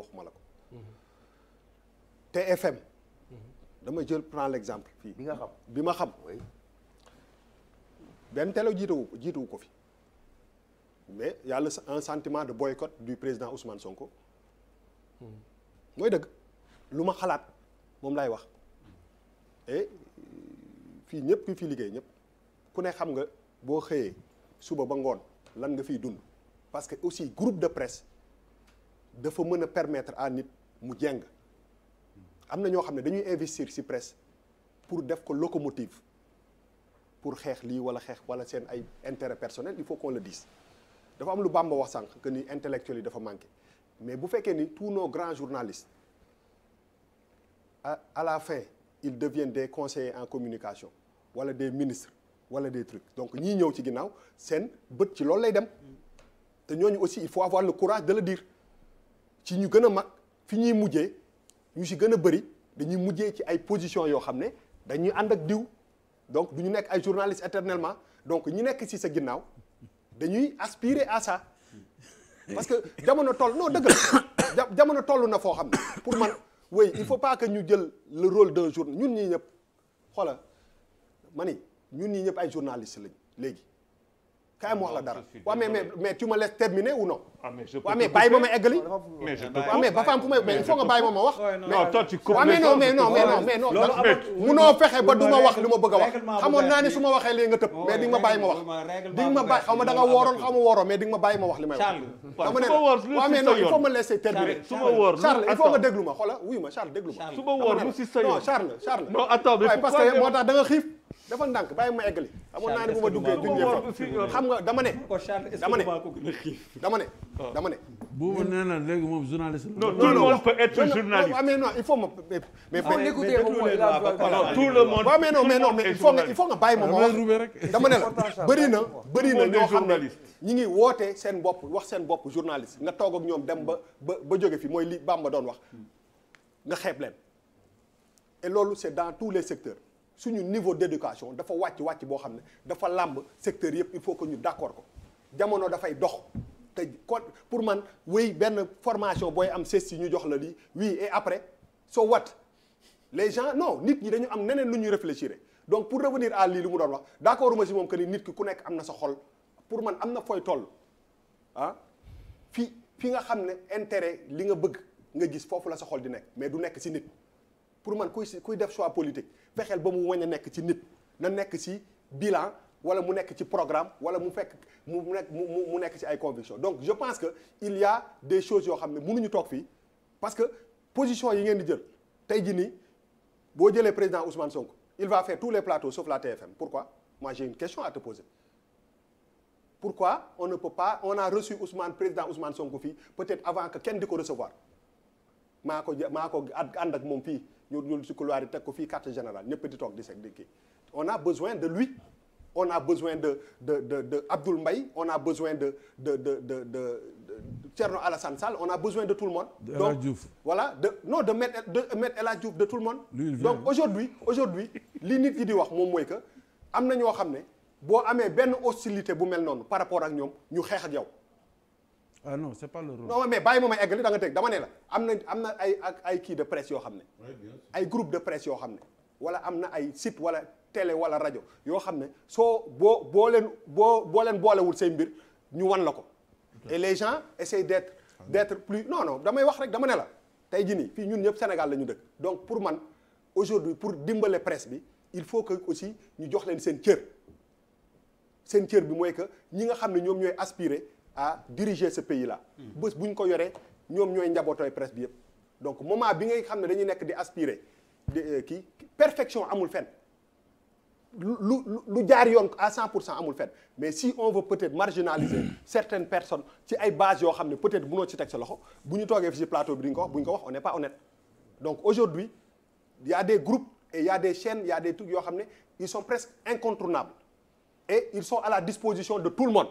waxuma la ko. TFM. dama jël prend exemple fii. bi nga xam bi ma xam. benn télé jiituwu jiituwu ko fi. mais yàlla a un sentiment de boycott du président Ousmane Sonko. mooy dëgg lu ma xalaat moom laay wax. et fii ñëpp ku fi liggéey ñëpp ku ne xam nga boo xëyee suba ba ngoon lan nga fiy dund. parce que aussi groupe de presse dafa mën a permettre à nit mu jàng am na ñoo xam ne dañuy investir si presse pour def ko locomotive pour xeex lii wala xeex wala seen ay intérêt personnel il faut qu'on le dise dafa am lu Bamba wax sànq que ni intellectuel yi dafa manqué mais bu fekkee ni tous nos grands journalistes à, à la fin ils deviennent des conseillers en communication wala de ministres wala des trucs donc ñii ñëw ci ginnaaw seen bët ci loolu lay dem te ñooñu aussi il faut avoir le courage de ci ñu gën a mag fi ñuy mujjee ñu si gën a bëri dañuy mujjee ci ay position yoo xam ne dañuy ànd ak diw donc du ñu nekk ay journaliste éternellement donc ñu nekk si sa ginnaaw dañuy aspirer à ça parce que jamono toll non dëgg la jamono toll na foo xam ne pour man oui il faut pas que ñu jël le rôle d'un journal ñun ñii ñëpp xoola ma ni ñun ñii ñëpp ay journaliste lañ léegi kaay ma wax la dara waaw mais mais mais a me laisses terminer ou non. ah mais ma ma eggali. mais ba femme fu may mais il nga bàyyi ma wax. non toi tu ba du ma wax li ma bëgg a wax. xamoon naa ni su ma waxee léegi nga tëb mais di ma bàyyi wax. di ma bàyyi wax li may wax. dama ne waaw mais non il faut ma laisser terminer. Charles il faut nga déglu ma xoola wuyu ma Charles déglu ma. su ma woor lu si sa yoon non Charles Charles. moo tax da nga dafa ndànk bàyyi ma eggali. amoon naa ne bu ma duggee duggee xam nga dama ne. dama ne dama ah. ne dama ne. boobu nee na léegi moom journaliste. non tout le monde peut être journaliste. mais non il faut ma mais mais. Ah, tout le monde. waaw mais non mais non mais il faut nga il faut nga bàyyi ma ma wax. dama ne la bëri na bëri na ñoo xam ne ñi ngi woote seen bopp wax seen bopp journaliste nga toog ak ñoom dem ba ba ba jóge fi mooy li Bamba doon wax nga xeeb leen. et loolu c'est dans tous les secteurs. suñu niveau d'éducation dafa wàcc wàcc boo xam ne dafa làmb secteur yëpp il faut que ñu d'accord ko jamono dafay dox te ko pour man wéy benn formation booy am CESTI ñu jox la lii oui et après soo watt les gens non nit ñi dañu am neneen lu ñuy réfléchir donc pour revenir à lii lu mu doon wax d'accord ma si moom que ni nit ki ku nekk am na sa xol pour man am na fooy toll ah fi fi nga xam ne intérêt li nga bëgg nga gis foofu la sa xol di nekk mais du nekk si nit pour man kuy si def choix politique fexeel ba mu wañ a nekk ci nit na nekk ci bilan wala mu nekk ci programme wala mu fekk mu nekk mu nekk ci ay conviction donc je pense que il y a des choses yoo xam ne ñu toog fii parce que position yi ngeen di jël tey jii nii boo jëlee président Ousmane Sonko il va faire tous les plateaux sauf la TFM pourquoi moi j'ai une question à te poser pourquoi on ne peut pas on a reçu Ousmane président Ousmane Sonko fii peut-être avant que kenn di ko recevoir maa ko maa ko ànd ak moom fii ñu ñu si couloir yi teg ko fii carte générale ñëpp di toog di seg di kii on a besoin de lui on a besoin de de de de Abdoul Mbaye on a besoin de de de de de Thierno Alassane Sall on a besoin de tout le monde. de El Hadj Diouf voilà de non de mettre de mettre El Hadj Diouf de tout le monde. donc aujourd'hui aujourd'hui li nit yi di wax moom mooy que am na ñoo xam ne boo amee benn hostilité bu mel noonu par rapport ak ñoom ñu xeex ak yow. ah non c'est pas le rôle. non mais bàyyi ma may eggali da nga teg dama ne la am na am na ay ay kii de press yoo xam ne. ay groupe de presse yoo xam ne. wala am na ay site wala télé wala rajo yoo xam ne soo boo boo leen boo boo leen boolewul say mbir ñu wan la ko. et les gens essayent d'être ah d'être plus non non damay wax rek dama ne la tey jii nii fii ñun ñëpp Sénégal la ñu dëkk donc pour man aujourd'hui pour dimbale presse bi il faut que aussi ñu jox leen seen cër seen cër bi mooy que ñi nga xam ne ñoom ñooy aspirer. à diriger ce pays la bés bu ko yoree ñoom ñooy njabootooy presse bi yëpp. donc moment bi ngay xam ne dañuy nekk di aspirer di euh, kii perfection amul fen lu jaar yoon à 100 pour cent amul fen mais si on veut peut-être marginaliser certaines personnes ci ay bases yoo xam ne peut-être mënoo ci teg sa loxo bu ñu toogee fi ci plateau bi di ko wax bu ñu ko wax on n'est pas honnête donc aujourd'hui il y a des groupes et il y a des chaînes il yoo xam ne ils sont presque incontournables et ils sont à la disposition de tout le monde.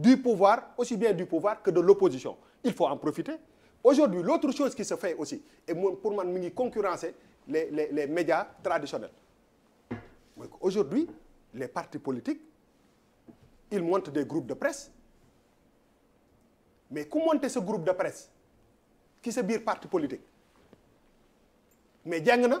du pouvoir, aussi bien du pouvoir que de l'opposition. Il faut en profiter. Aujourd'hui, l'autre chose qui sa fait aussi, et pour moi, nous concurrencer les, les, les médias traditionnels. Aujourd'hui, les partis politiques, ils montent des groupes de presse. Mais comment monter ce groupe de presse qui sa bire parti politique Mais na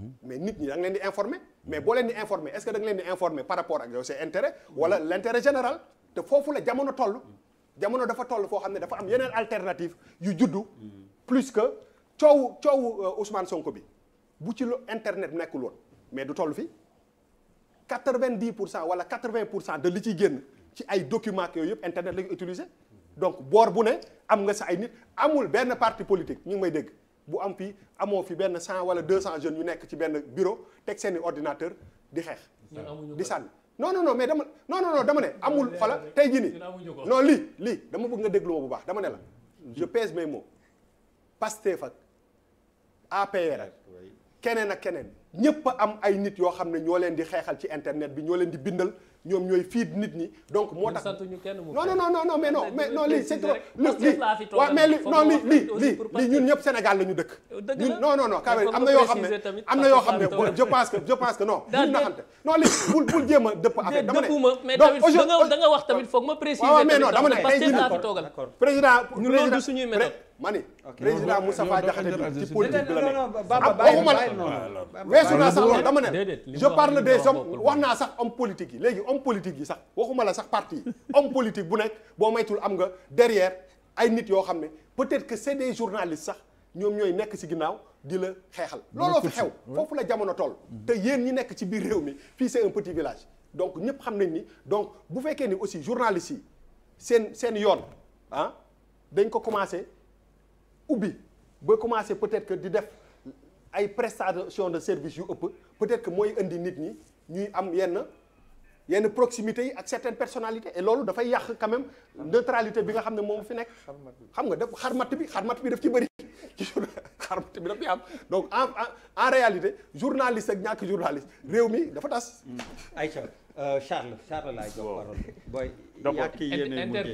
mais nit ñi da nga leen di informer mais boo leen di informer est-ce que da leen di informer par rapport ak yow ses intérêts wala l'intérêt général te foofu la jamono toll jamono dafa toll foo xam ne dafa am yeneen alternative yu juddu plus que coow coow euh, Ousmane Sonko bi bu ci internet nekkul woon mais du toll fii quatre-vingt-dix pour cent wala quatre-vingt pour cent de li ciy génn ci ay documents yooyu yëpp internet la ñu utiliser donc boor bu ne am nga sa ay nit amul benn parti politique ñu ngi may dégg bu am fii amoo fi benn cent wala deux cent jeunes yu nekk ci benn bureau teg seeni ordinateur di xeex di sànn non non mais dama non non non dama ne amul xoola tey jii nii non lii lii dama bëgg nga déglu ma bu baax dama ne la je pèse mes mots Pastef fa APR keneen ak keneen ñëpp am ay nit yoo xam ne ñoo leen di xeexal ci internet bi ñoo leen di bindal ñoom ñooy fiid nit ñi donc moo tax non non non non lii lii lii ñun ñëpp Sénégal la dëkk ñun non non non kawe am na yoo xam ne am na yoo xam ne je pense que je pense que non ñun naxante non lii bul bul jéem a dëpp affaire dama ne tamit foog ma préciser dama ne président ñun loolu du suñuy méthode ma ni président Moustapha Diakhaté bi ci politique bi la nekk am waxuma la weesu naa sax loolu dama wax naa sax homme politique yi léegi homme politique yi sax waxuma la sax parti yi politique bu nekk boo maytul am nga derrière ay nit yoo xam ne peut-être que c'est des journalistes sax ñoom ñooy nekk ci ginnaaw di la xeexal looloo fi xew foofu la jamono toll mhm. te yéen ñi nekk ci biir réew mi fii c'est un petit village donc ñëpp xam nañ ni donc bu fekkee ni aussi journalistes seen seen yoon ah dañ ko commencer ubbi ba commencé peut-être que di def ay prestation de service yu ëpp peut-être que mooy indi nit ñi ñuy am yenn yenn proximité yi ak certaines personalité loolu dafay yàq quand même neutralité bi nga xam ne moom fi nekk. xam nga def xarmat bi xarmat bi def ci bëri ci xarmat bi daf ci am donc en en réalité journaliste ak ñàkk journaliste réew mi dafa tas. Aïcha euh, Charles Charles laay jox parole booy. yàq yéene mujjee